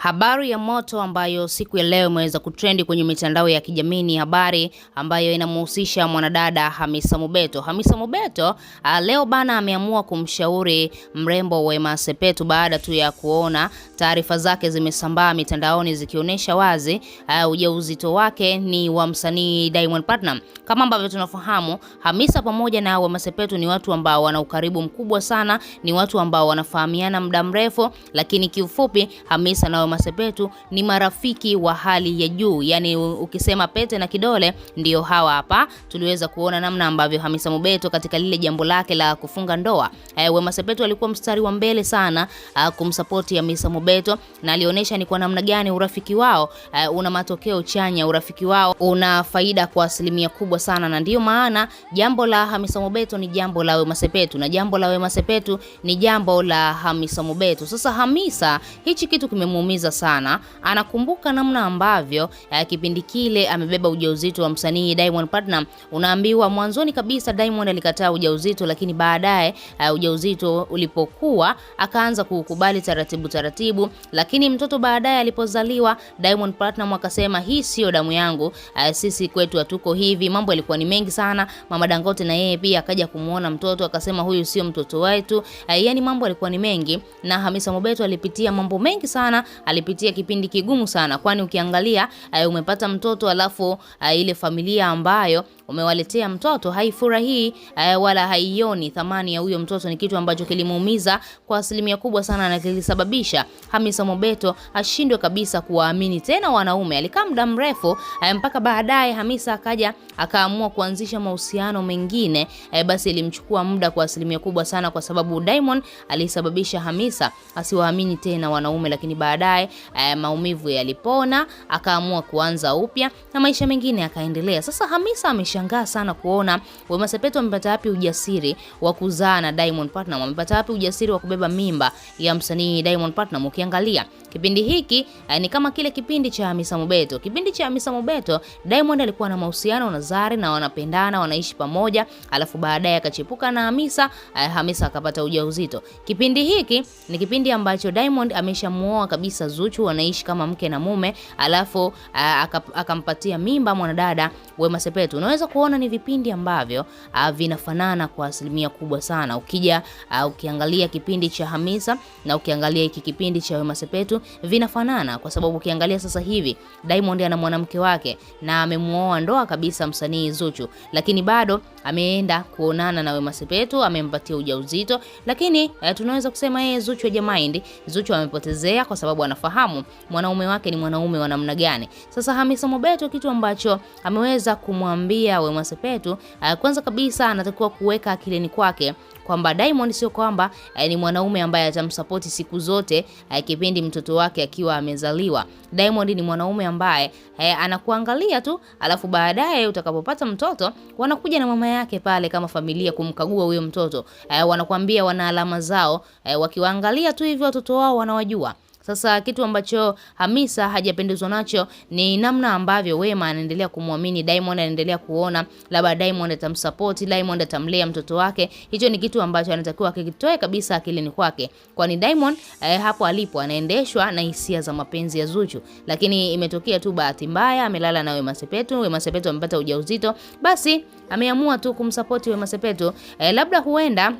Habari ya moto ambayo siku ya leo imeweza kutrendi kwenye mitandao ya kijamii ni habari ambayo inamhusisha mwanadada Hamisa Mobeto. Hamisa Mobeto a, ah, leo bana ameamua kumshauri mrembo Wema Sepetu baada tu ya kuona taarifa zake zimesambaa mitandaoni zikionyesha wazi ah, ujauzito wake ni wa msanii Diamond Platnumz. Kama ambavyo tunafahamu, Hamisa pamoja na Wema Sepetu ni watu ambao wana ukaribu mkubwa sana, ni watu ambao wanafahamiana muda mrefu, lakini kiufupi Hamisa na Masepetu ni marafiki wa hali ya juu, yani ukisema pete na kidole ndio hawa hapa. Tuliweza kuona namna ambavyo Hamisa Mobeto katika lile jambo lake la kufunga ndoa, e, eh, Wema Sepetu alikuwa mstari wa mbele sana ah, kumsapoti Hamisa Mobeto na alionyesha ni kwa namna gani urafiki wao eh, una matokeo chanya, urafiki wao una faida kwa asilimia kubwa sana, na ndio maana jambo la Hamisa Mobeto ni jambo la Wema Sepetu na jambo la Wema Sepetu ni jambo la Hamisa Mobeto. Sasa Hamisa hichi kitu kimemuumiza kumuumiza sana. Anakumbuka namna ambavyo eh, kipindi kile amebeba ujauzito wa msanii Diamond Platinum. Unaambiwa mwanzoni kabisa Diamond alikataa ujauzito, lakini baadaye eh, ujauzito ulipokuwa akaanza kukubali taratibu taratibu, lakini mtoto baadaye alipozaliwa Diamond Platinum akasema hii sio damu yangu, eh, sisi kwetu hatuko hivi. Mambo yalikuwa ni mengi sana. Mama Dangote na yeye pia akaja kumuona mtoto akasema huyu sio mtoto wetu. Yaani mambo yalikuwa ni mengi na Hamisa Mobeto alipitia mambo mengi sana alipitia kipindi kigumu sana, kwani ukiangalia eh, umepata mtoto alafu eh, ile familia ambayo umewaletea mtoto haifurahii eh, wala haioni thamani ya huyo mtoto, ni kitu ambacho kilimuumiza kwa asilimia kubwa sana na kilisababisha Hamisa Mobeto ashindwe kabisa kuwaamini tena wanaume. Alikaa muda mrefu e, mpaka baadaye Hamisa akaja akaamua kuanzisha mahusiano mengine. e, Basi ilimchukua muda kwa asilimia kubwa sana, kwa sababu Diamond alisababisha Hamisa asiwaamini tena wanaume, lakini baadaye e, maumivu yalipona, akaamua kuanza upya na maisha mengine yakaendelea. Sasa Hamisa amesha nimeshangaa sana kuona Wema Sepetu amepata wapi ujasiri wa kuzaa na Diamond Platnumz, amepata wapi ujasiri wa kubeba mimba ya msanii Diamond Platnumz. Ukiangalia kipindi hiki eh, ni kama kile kipindi cha Hamisa Mobeto. Kipindi cha Hamisa Mobeto, Diamond alikuwa na mahusiano na Zari na wanapendana, wanaishi pamoja, alafu baadaye akachepuka na Hamisa, eh, Hamisa akapata ujauzito. Kipindi hiki ni kipindi ambacho Diamond ameshamuoa kabisa Zuchu, wanaishi kama mke na mume, alafu eh, akampatia mimba mwanadada Wema Sepetu. Unaweza unaweza kuona ni vipindi ambavyo uh, vinafanana kwa asilimia kubwa sana. Ukija uh, ukiangalia kipindi cha Hamisa na ukiangalia hiki kipindi cha Wema Sepetu vinafanana, kwa sababu ukiangalia sasa hivi Diamond ana mwanamke wake na amemuoa ndoa kabisa msanii Zuchu, lakini bado ameenda kuonana na Wema Sepetu, amempatia ujauzito, lakini eh, tunaweza kusema yeye Zuchu mind, Zuchu amepotezea kwa sababu anafahamu mwanaume wake ni mwanaume wa namna gani. Sasa Hamisa Mobeto kitu ambacho ameweza kumwambia kumzungumzia Wema Sepetu, eh, kwanza kabisa anatakiwa kuweka akilini kwake kwamba Diamond sio kwamba eh, ni mwanaume ambaye atamsapoti siku zote eh, kipindi mtoto wake akiwa amezaliwa. Diamond ni mwanaume ambaye anakuangalia tu, alafu baadaye utakapopata mtoto wanakuja na mama yake pale kama familia kumkagua huyo mtoto, wanakuambia wana alama zao, wakiwaangalia tu hivyo watoto wao wanawajua. Sasa kitu ambacho Hamisa hajapendezwa nacho ni namna ambavyo Wema anaendelea kumwamini Diamond, anaendelea kuona labda Diamond atamsupport, Diamond atamlea mtoto wake. Hicho ni kitu ambacho anatakiwa akitoe kabisa akilini kwake, kwani Diamond eh, hapo alipo anaendeshwa na hisia za mapenzi ya Zuchu, lakini imetokea tu bahati mbaya amelala na Wema Sepetu. Wema Sepetu amepata ujauzito, basi ameamua tu kumsupport Wema Sepetu eh, labda huenda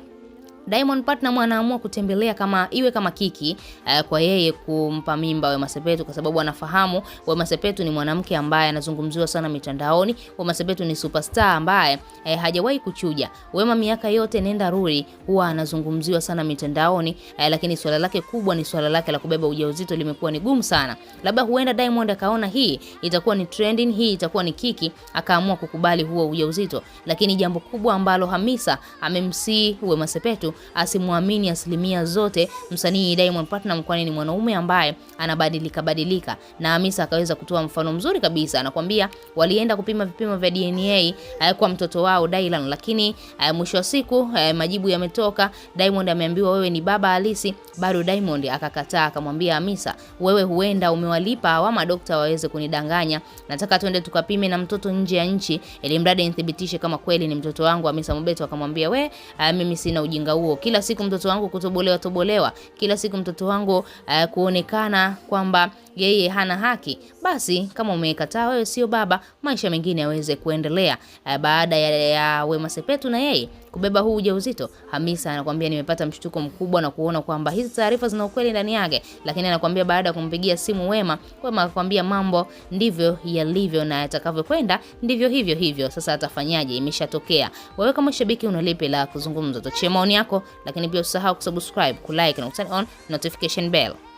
Diamond Platnumz anaamua kutembelea kama iwe kama kiki uh, kwa yeye kumpa mimba Wema Sepetu kwa sababu anafahamu Wema Sepetu ni mwanamke ambaye anazungumziwa sana mitandaoni. Wema Sepetu ni superstar ambaye eh, hajawahi kuchuja. Wema miaka yote nenda rudi huwa anazungumziwa sana mitandaoni eh, lakini swala lake kubwa ni swala lake la kubeba ujauzito limekuwa ni gumu sana. Labda huenda Diamond akaona hii itakuwa ni trending, hii itakuwa ni kiki, akaamua kukubali huo ujauzito. Lakini jambo kubwa ambalo Hamisa amemsii Wema Sepetu asimwamini asilimia zote msanii Diamond Platnumz, kwani ni mwanaume ambaye anabadilika badilika. Na Hamisa akaweza kutoa mfano mzuri kabisa, anakwambia walienda kupima vipimo vya DNA kwa mtoto wao Dylan, lakini eh, mwisho wa siku eh, majibu yametoka, Diamond ameambiwa wewe ni baba halisi. Bado Diamond akakataa, akamwambia Hamisa, wewe huenda umewalipa hawa madokta waweze kunidanganya, nataka twende tukapime na mtoto nje ya nchi, ili mradi nithibitishe kama kweli ni mtoto wangu. Hamisa Mobeto akamwambia we, eh, mimi sina ujinga huo, kila siku mtoto wangu kutobolewa tobolewa, kila siku mtoto wangu uh, kuonekana kwamba yeye hana haki, basi kama umekataa wewe sio baba, maisha mengine yaweze kuendelea. Eh, baada ya, ya Wema Sepetu na yeye kubeba huu ujauzito, Hamisa anakuambia nimepata mshtuko mkubwa na kuona kwamba hizi taarifa zina ukweli ndani yake, lakini anakuambia baada ya kumpigia simu Wema, Wema akwambia mambo ndivyo yalivyo na yatakavyokwenda ndivyo hivyo hivyo. Sasa atafanyaje? Imeshatokea. Wewe kama shabiki una la kuzungumza? Tochea maoni yako, lakini pia usahau kusubscribe, kulike na turn on notification bell.